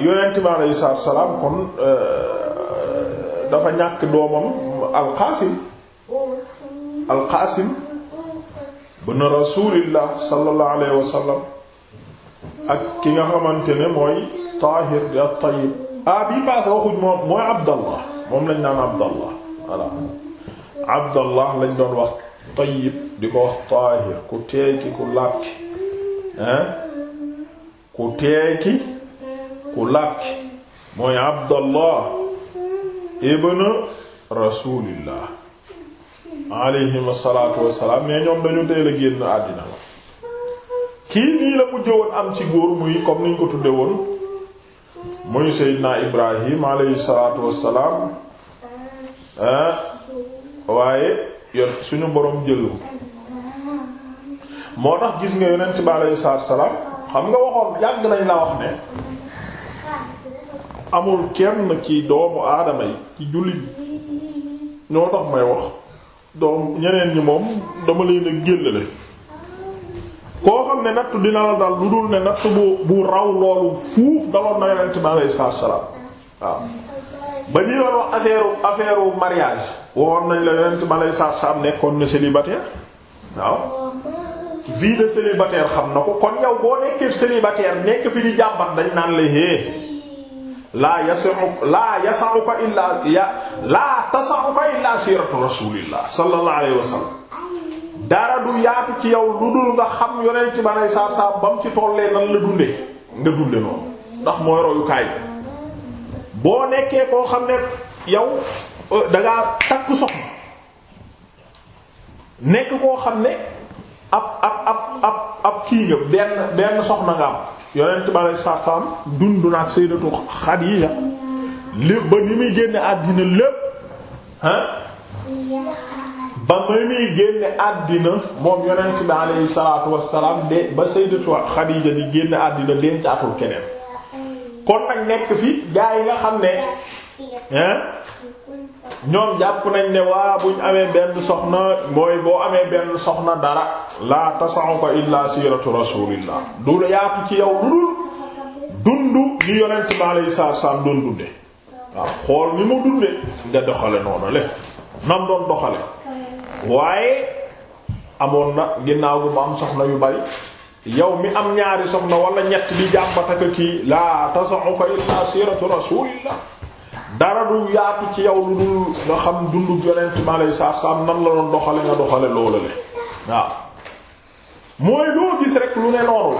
yonent bi aleyhi salaatu salaam kon euh, dafa ñàkk doomam alqaasim alqaasim ibn rasulillah sallallahu alayhi wa sallam ak ki nga xamante ne mooy tahir di at-tayyib ah bii paase waxuñ moom mooy abdallah moom lañ naan abdallah voilà abdallah lañ doon wax tayyib di ko wax tahir ku teeki ku làpki hein ku teeki ku laab ki mooy abdallah ibn rasulillah alayhim asalaatu wasalaam mais ñoom dañu teel a génn àddina la kii nii la mujj woon am ci góor muy comme niñ ko tudde woon muy seydina ibrahim alayhi salaatu wasalaam waaye yor suñu borom jël moo tax gis nga yonent bi alayhi salaatu wasalaam xam nga waxoon yàgg nañ la wax ne amul kenn ci doomu aadama yi ci jullit ñoo tax may wax doom ñeneen ñi moom dama leen a géllale koo xam ne nattu dina la dal lu dul ne nattu bu bu raw loolu fuuf daloon na yonent bi salaam waaw ba ñuy doon wax affaire affaire mariage woon nañ la yonent bi salaam nekkoon na célibataire waaw vie de xam na ko kon yow boo nekkee célibataire nekk fi di jàmbat dañ naan la hé laa yasau laa yasauka illaa ya laa tasauka illaa siratu rasulillah sallallahu alayhi wa dara du yaatu ci yow lu dul nga xam yonent ba nay saab saab ba mu ci tollee nan la dunde nga dunde noonu ndax mooy royukaay boo nekkee koo xam ne yow euh, dangaa takk soxna nekk koo xam ne ab ab ab ab ab kii nga benn benn soxna nga am yonent ba lay saam dund na ak Xadiija lépp ba ni muy génne àddina lépp ah ba ni muy génne àddina moom yonent bi alayhi salaatu wassalaam de ba sayyidatu Xadiija di génne àddina denc atul keneen kon nag nekk fi gaa yi nga xam ne ñoom jàpp nañ ne waa buñ amee benn soxna mooy boo amee benn soxna dara laa tasaxu ko illaa siiratu rasuulillah du yaatu ci yow lu dul dund ni yonent bi alayhi salaatu salaam doon dunde waaw xool ni mu dunde nga doxale noonu le nam doon doxale waaye amoon na ginnaaw gu mu am soxna yu bari yow mi am ñaari soxna wala ñett bi jàmbataka kii laa tasaxu ko illaa siiratu rasuulillah dara du yaatu ci yow lu dul nga xam dundu yonent ma lay saaf saaf nan la doon doxale nga doxale loolu le waaw mooy loo gis rek lu ne noonu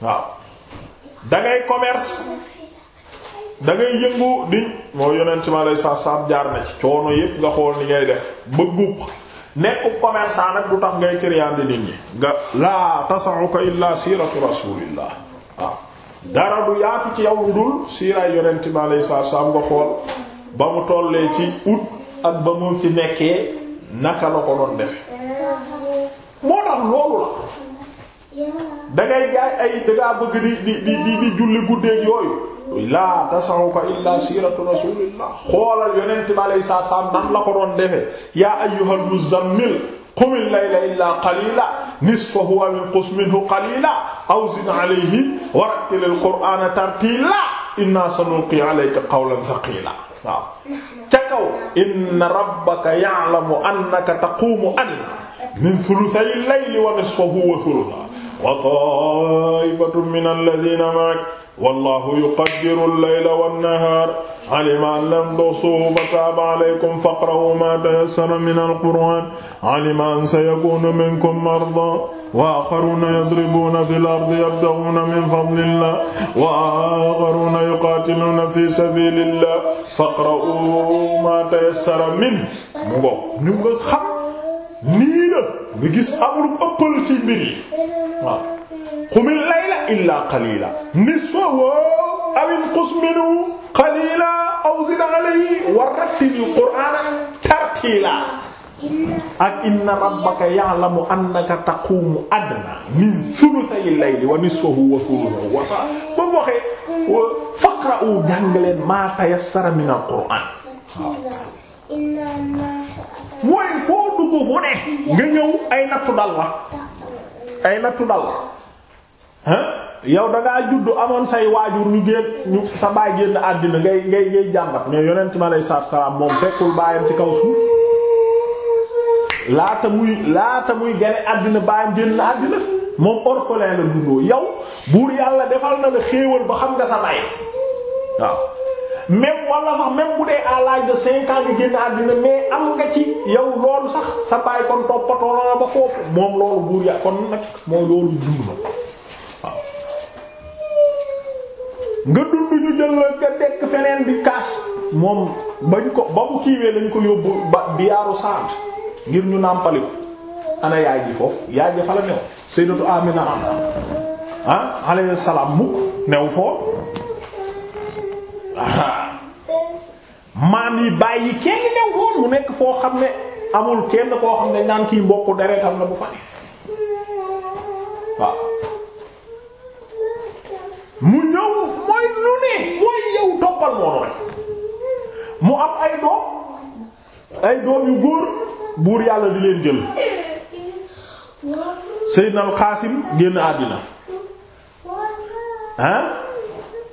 la waaw dangay commerce dangay yëngu di mooy yonent ma lay saaf saaf jaar na ci coono yépp nga xool ni ngay def bëggub nekk commerçant nag du tax ngay kiriyaandi nit ñi nga laa tasaxuka illaa siiratu rasuulillah waaw dara lu yaatu ci yaw dul siiraay yonent bi alayhi salaatu salaam nga xool ba mu tollee ci ut ak ba mu ci nekkee naka la ko doon defe moo tax loolu la dangay jaay ay dangaa bëgg di di di di julli guddeeg yooyu laa tasawuka illaa siiratu rasulillah xoolal yonent bi alayhi salaatu salaam ndax la ko doon defe yaa ayyuhal muzzammil qumil layla illaa qaliila nisfahu aw inqus minhu qalilan aw zid alayhi wa rattilil qur'ana tartila inna sanulqi alayka qawlan thaqila waaw ca kaw inna rabbaka ya'lamu annaka taqumu adna min thuluthay al-layli wa nisfahu wa thuluthahu wa ta'ifatun min alladhina ma'ak wallahu yuqaddiru al-layla wan-nahar alima an lam tuhsuhu fataba alaykum faqra'u ma tayassara min al-qur'an alima an sayakunu minkum marda wa akharuna yadribuna fil ardi yabtaghuna min fadlillah wa akharuna yuqatiluna fi sabilillah faqra'u ma tayassara min mu ngo ñu nga xam nii la nga gis amul ëppal ci mbir yi waaw xumil layla illaa qalila nisfahu aw inqus minhu qalila aw zid alayhi wa rattilil qur'ana tartila ak inna rabbaka ya'lamu annaka taqumu adna min thuluthay al-layli wa nisfahu wa thuluthahu wa ba mu waxee faqra'u jàng leen maa tayassara min al-qur'an waaw ko ne nga ñëw ay nattu dal la ay nattu dal la yow dangaa judd amoon say waajur ñu génn ñu sa baay génn àddina ngay ngay ngay jàmbat mais yonent mi aleyhi salaatu salaam moom fekkul baayam ci kaw suuf laata muy laata muy gane àddina baa jën àddina moom orphelin la dundoo yow buur yàlla defal na la xéewal ba xam nga sa baay waaw même wala sax même bu dee à l'âge de cinq ans génn àddina mais am nga ci yow loolu sax sa bàyyi kon toppatoo la ba foofu moom loolu buur ya kon nag mooy loolu dund na nga dund ñu jël nga dekk feneen bi kaas moom bañ ko ba mu kiiwee lañ ko yóbbu ba diyaaru Saad ngir ñu nàmpali ko ana yaay ji foofu yaay ji fa la new Sayyidatu Amina am ah alayhi salaam mukk new foofu maam yi bàyyi kenn new woon mu nekk foo xam ne amul kenn koo xam ne naan kii mbokku deretam la bu fa waaw mu ñëw mooy lu ne mooy yow toppal moo noonu mu am ay doom ay doom yu góor buur yàlla di leen jël Seydina Al génn àddina ah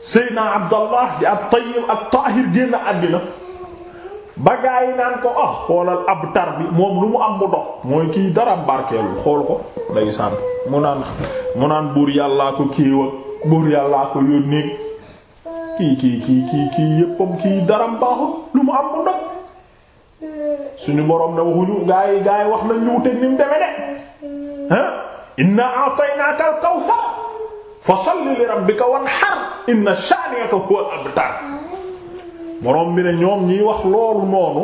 Seydina Abdallah di ab Tayyib ab Tahir génn àddina ba gaa yi naan ko ah xoolal ab tar bi moom lu mu am mu dox mooy kii dara barkeelu xool ko day sànn mu naan mu naan buur yàllaa ko kiiw buur yàllaa ko yónnee kii kii kii kii kii yëppam kii dara baaxul lu mu am mu dox suñu borom ne waxuñu gaa yi gaa yi wax nañ ñu wuteeg ni mu demee de ah inna a'taynaka al fa salli li rabbika wanhar inna shani'aka huwal abtar borom bi ne ñoom ñiy wax loolu noonu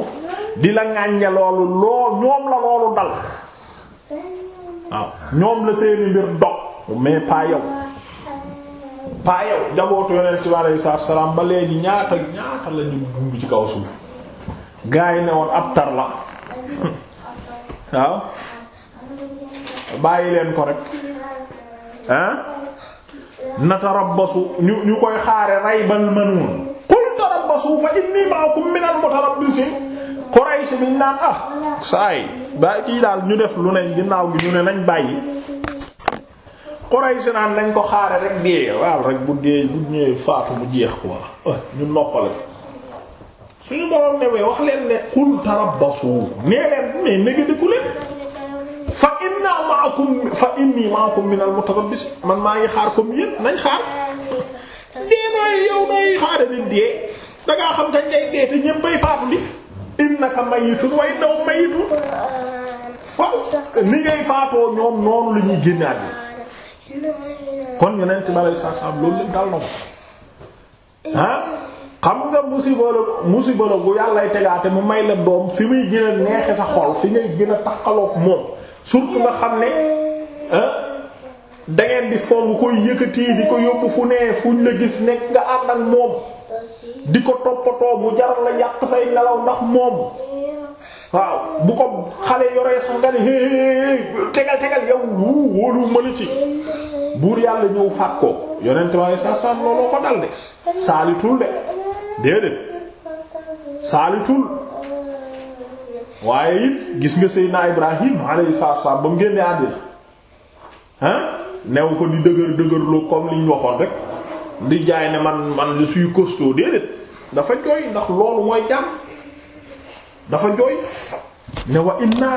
di la ŋàññe loolu lool ñoom la loolu dal waaw ñoom la seeni mbir dog mais pas yow pas yow jabootu yonent bi salaam ba léegi ñaata ñaata la ñu ci kaw suuf gaa ne woon abtar la waaw bàyyi leen ko rek hein natarabbasu ñu ñu koy xaare raybal manuun qul tarabbasu fa inni ma'akum minal mutarabbisiin Quraysh biñ naan ah saay ba kii daal ñu def lu ne ginnaaw gi ñu ne nañ bàyyi Quraysh naan nañ ko xaare rek dee waaw rek bu dee bu ñëwee faatu bu jeex ko wala ah, ñu noppale suñu boroom newee wax leen ne qul tarabbasu nee leen mais néega dëkku leen fa inni ma'akum minal mutarabbis man maa ngi xaar comme yéen nañ xaar dee nooy yow nooy xaare nit dee dangaa xam ñuy génne àddina kon yonent bi na ko ah xam nga musiba la bu yàllay tegaate mu may la doom fi muy gën a neexe sa xol fi ngay gën a moom surtout nga xam ne da ngeen di foog koy yëkkati di ko yóbbu fu nee fuñ la gis nekk nga ànd ak moom di ko toppatoo bu jaral la yàq say nelaw ndax moom waaw bu ko xale yoree sax nga ne tegal tegal yow wuu wóolu mën ci buur yàlla ñëw faat ko yonent waaye sax sax looloo ko dal saalitul de déedéet saalitul. waaye it gis nga Seydina Ibrahim alayhi salaatu salaam ba mu génnee di dëgër dëgërloo comme waxoon rek di jaay ne man man je suis costaud déedéet dafa jooy ndax mooy jàmm dafa jooy ne wa inna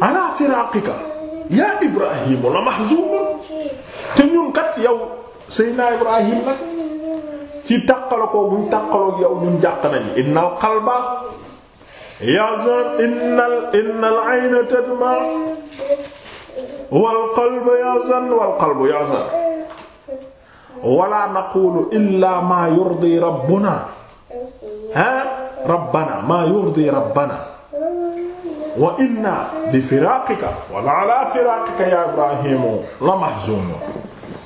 ala firaqika yaa Ibrahimu la mahzun te ñun kat yow Seydina Ibrahim nag ci tàqaloo ko buñ tàqaloo yow ñun jàq nañu innal qalba yazar innal innal ayna tadma wal qalbu yazan wal qalbu yazar wala naqulu illa ma yurdi rabbuna ha rabbana ma yurdi rabbana wa inna bi firaqika wala ala firaqika ya ibrahimu la mahzunun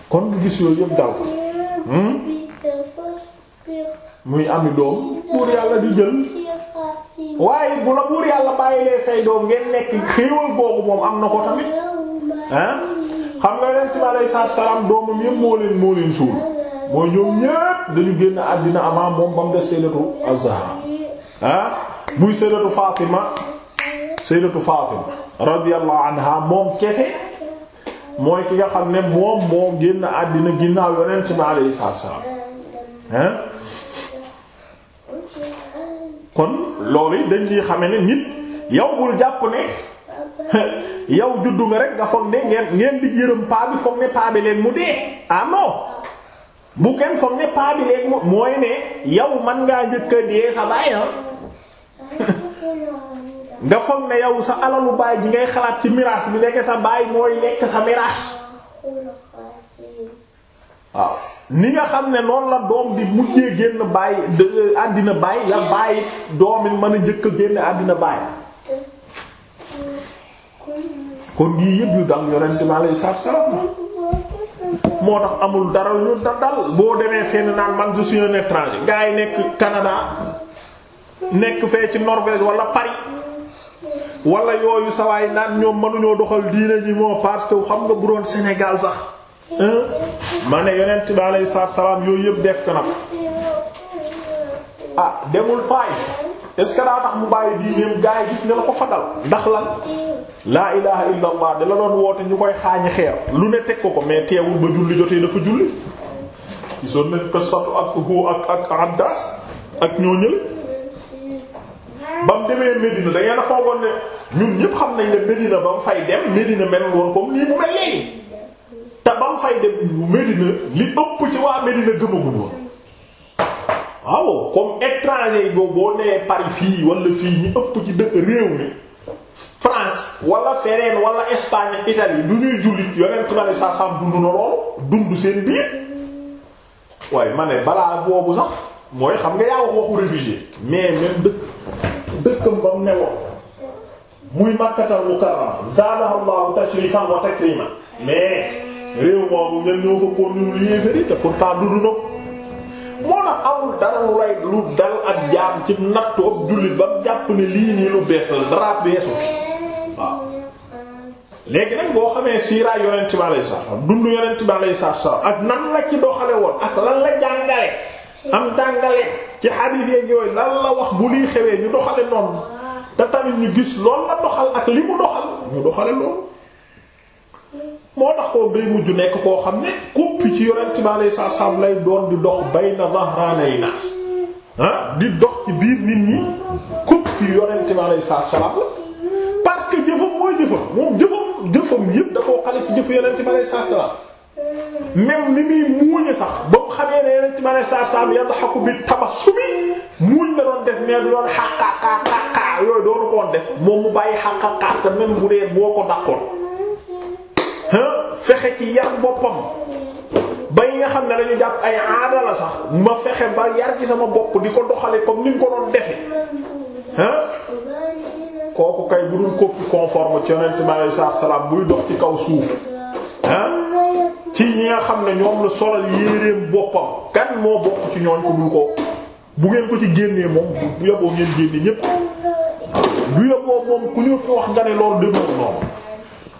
kon bu gis yooyu yëpp dal ko hmm? muy ami doom pour yàlla di jël waaye bu la buur yàlla bàyyilee say doom ngeen nekk xéewal boobu moom am na ko tamit xam nga yonent bi alayhi salaatu moo leen moo suul mooy ñoom ñépp dañu génn àddina avant moom ba mu des sayyidatu az-Zahra ah muy sayyidatu Fatima sayyidatu Fatima radiyallahu anha moom kese mooy ki nga xam ne moom moo génn àddina ginnaaw yonent bi alayhi salaatu salaam kon loolu yi dañ ciy xame ne nit yow bul jàpp ne yow juddu nga rek nga foog ne ngeen ngeen di yërëm paa foog ne paa leen mu dee ah non bu kenn foog ne paa bi mooy ne yow man ngaa njëkk a dee sa baay ah. nga foog ne yow sa alalu baay ji ngay xalaat ci miraas bi lekk sa baay mooy lekk sa miraas waaw ni nga xam ne noonu la doom bi mujjee génn bàyyi àddina bàyyi la bàyyi doom yi mën a jëkk a génn àddina bàyyi kon yii yëpp yu dal yonent bi alayhi salaam moo tax amul dara lu da boo demee fenn naan man je suis un étranger gaa nekk Canada nekk fee ci norvege wala Paris wala yooyu sawaay naan ñoom mënuñoo doxal diine ji moo parce xam nga buroon doon sax ma ne yonent bi alayhi salaam yooyu yëpp def ko nag ah demul Taif est-ce daa tax mu bàyyi diineem gaa yi gis nga la ko fagal ndax lan laa ilaha illa allah da la doon woote ñu koy xaañi xeer lu ne teg ko ko mais teewul ba julli jotee dafa julli gisoon nañ qissatu ak hu ak ak Abdas ak ñoo ñël ba mu demee Medina da ngeen a foogoon ne ñun ñëpp xam nañ ne Medina ba mu fay dem Medina mel woon comme nii mu mel léegi te ba mu fay dem Medina li ëpp ci waa Medina gëmaguñ woon waaw comme étranger yi boo nee Paris fii walla fii ñu ëpp ci dëkk réew mi France wala fereen wala Espagne Italie du ñuy jullit yonent na ne sax sax dund na loolu dund seen biir waaye ma ne balaa boobu sax mooy xam nga yaa wax waxu réfugié mais même dëkk dëkkam ba mu ne woon muy Makkatal Mukarrama zaadahallahu tashrifan wa takriman mais réew moomu ngeen ñoo fa ko ñu yéeféri te pourtant dudu na moo la amul dara lu lay lu dal ak jaam ci nattu ak jullit ba mu jàpp ne lii nii lu bees la dara beesu fi waaw léegi nag boo ak nan la ci doxale woon ak lan la jàngale am jàngale ci xadiis yeeg yooyu lan la wax bu lii xewee ñu doxale noonu te tamit ñu gis loolu la doxal ak li mu doxal ñu doxale loolu moo tax koo day mujj nekk koo xam ne kuppi ci yonent lay alayhi salaam lay doon di dox bayna dhahranay naas ah di dox ci biir nit ñi kuppi yonent bi alayhi salaam la parce que jëfam mooy jëfam moom jëfam jëfam yépp da koo xale ci jëfu yonent bi alayhi salaam même ni muy muuñe sax ba mu xamee ne yonent bi alayhi salaam yadhaku bi tabassumi muuñ la doon def mais du doon xaqaqaqaqa yooyu doonu koon def moom mu bàyyi xaqaqaqa même bu dee boo ko dàqoon fexe ci yar boppam ba yi nga xam ne dañu jàpp ay aada la sax ma fexe ba yar ci sama bopp di ko doxale comme ni nga ko doon defe ah kooku kay bu dul ko conforme ci yonent mi alayhi buy dox ci kaw suuf ah ci ñi nga xam ne ñoom la solal yéreem boppam kan moo bokk ci ñooñ ko dul ko bu ngeen ko ci génnee moom bu yaboo ngeen génne ñépp du yaboo moom ku ñu fi wax nga ne loolu dëgg noonu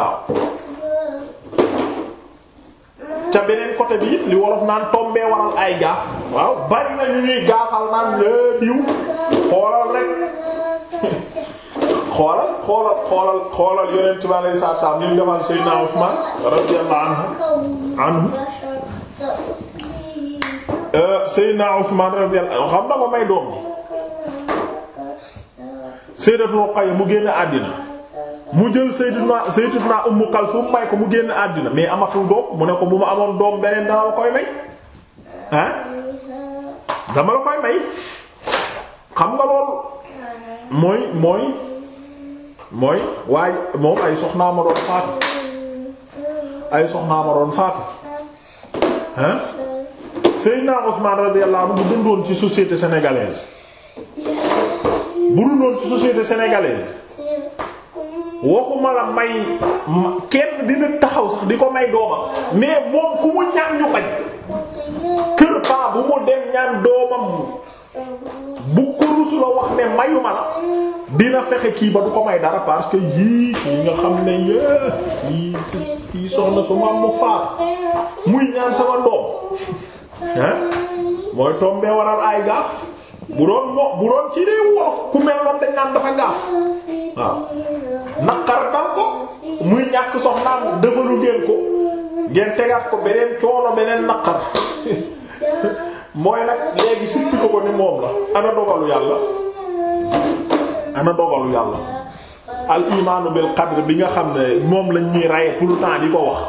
gaaw ca beneen côté bi it li wolof naan tombee waral ay gaaf waaw bari na ñuy gaafal naan laa diw xoolal rek xoolal xoolal xoolal xoolal yonent bi alayhi salaatu salaam li ñu defal euh, Seydina Usmaan radiyallahu xam na ko may doom bi Sayyidatu Ruqayya mu génn àddina mu jël sayyiduna sayyiduna ummu kalsum may ko mu génn àddina mais amatul doom mu ne ko bu ma amoon doom beneen dama la koy may ah dama la koy may xam nga loolu mooy mooy mooy waaye moom ay soxnaa ma doon faatu ay soxnaa ma doon faatu ah Seydina Ousmane radiyallahu anhu bu dundoon ci société sénégalaise bu dundoon ci société sénégalaise waxuma la may kenn dina taxaw sax di ko may doomam mais moom ku mu ñaan ñu bañ kër ba bu mu dem ñaan doomam bu ko la wax ne mayuma la dina fexe kii ba du ko may dara parce que yii yi nga xam ne yé yii soxna su ma mu faat muy ñaan sama doom ah mooy tombee waral ay gaaf bu doon moo bu doon ci réew wolof ku mel noonu naan dafa gaaf waaw naqar dal ko muy ñàkk soxnaam defalu ngeen ko ngeen tegaat ko beneen coono beneen naqar mooy nag léegi sippi ko ko ni moom la ana dogalu yàlla ana dogalu yàlla al imaanu bil bi nga xam ne moom lañ ñuy rey tout le temps di ko wax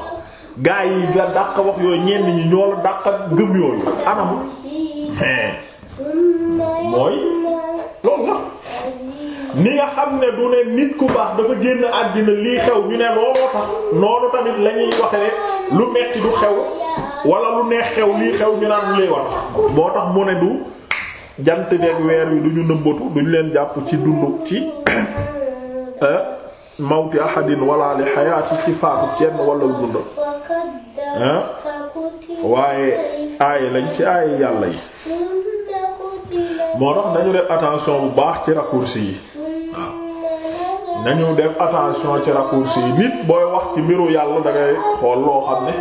gaa yi la wax yooyu ñenn ñi ñoo la dàq gëm yooyu anam mooy loolu la ni nga xam ne du ne nit ku baax dafa génn àddina lii xew ñu ne looloo tax noonu tamit la ñuy waxee lu metti du xew walla lu neex xew lii xew mi naan lay wax boo tax du jant beeg weer wi du ñu leen jàpp ci dund ci euh, mawti ahadin wala li xayaati ci faatu kenn wala dund waaye aay lañ ci aay yàlla yi moo tax nañu def attention bu baax ci raccourci yi waaw nañu def attention ci raccourci yi nit booy wax ci mbiru yàlla da ngay xool loo xam ne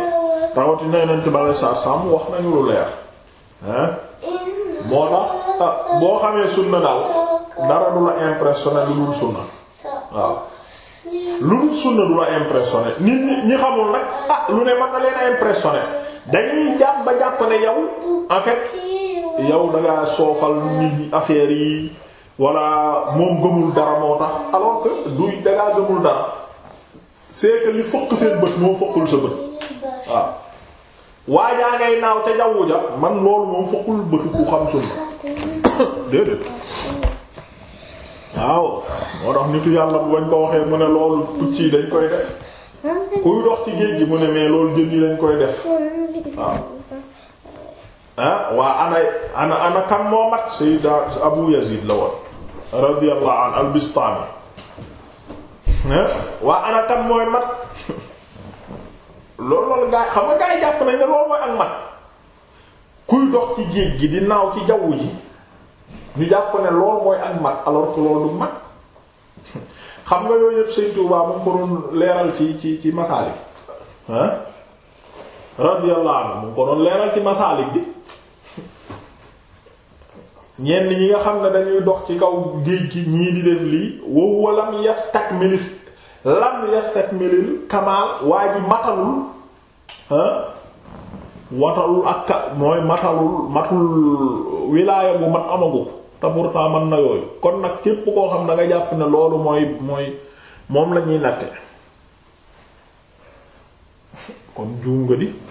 rawatina yonent bi aleyhi salaatu salaam wax nañu lu leer ah moo tax ah, boo xamee sunna daal dara du la impressionné lu dul sunna waaw lu dul sunna du la impressionné nit ñi ñi xamul nag ah lu ne mën na leen impressionné dañuy jàpp ba jàpp ne yow fait. yow dangaa soofal nit ñi affaire yi walla moom gëmul dara moo tax alors que du dangaa gëmul dara c'est li fëq seen bët moo fëqul sa bët waaw waajaa ngay naaw ca jawwu ja man loolu moom fëqul bëtu ku xam sunna déedéet waaw moo tax nitu yàlla bu bañ ko waxee mu ne loolu picc yi dañ koy def kuy dox ci géej gi mu ne mais loolu jën yi dañ koy def waaw waa ana ana ana kan moo mat Sayyida Abu Yazid la woon radiyallahu anhu al-Bistami waa ana kan mooy mat loolu loolu gaa xam nga yi jàpp nañ ne loolu mooy ak mat kuy dox ci géej gi di naaw ci jaww ji ñu jàpp ne loolu mooy ak du mat xam nga yooyu yëpp Sëriñ Tuubaa mu ko doon leeral ci ci ci masaalik ah mu ko leeral ci masaalik bi ñenn ñi nga xam ne dañuy dox ci kaw géej gi ñii di def lii wow lam yastakmilis lam yastakmilil kamaal waa ji matalul watalul ah, ak ka mooy matalul matul wilaaya bu mat amagu te pourtant man na yooyu kon nag képp koo xam da nga jàpp ne loolu mooy mooy moom la ñuy natte kon juum nga di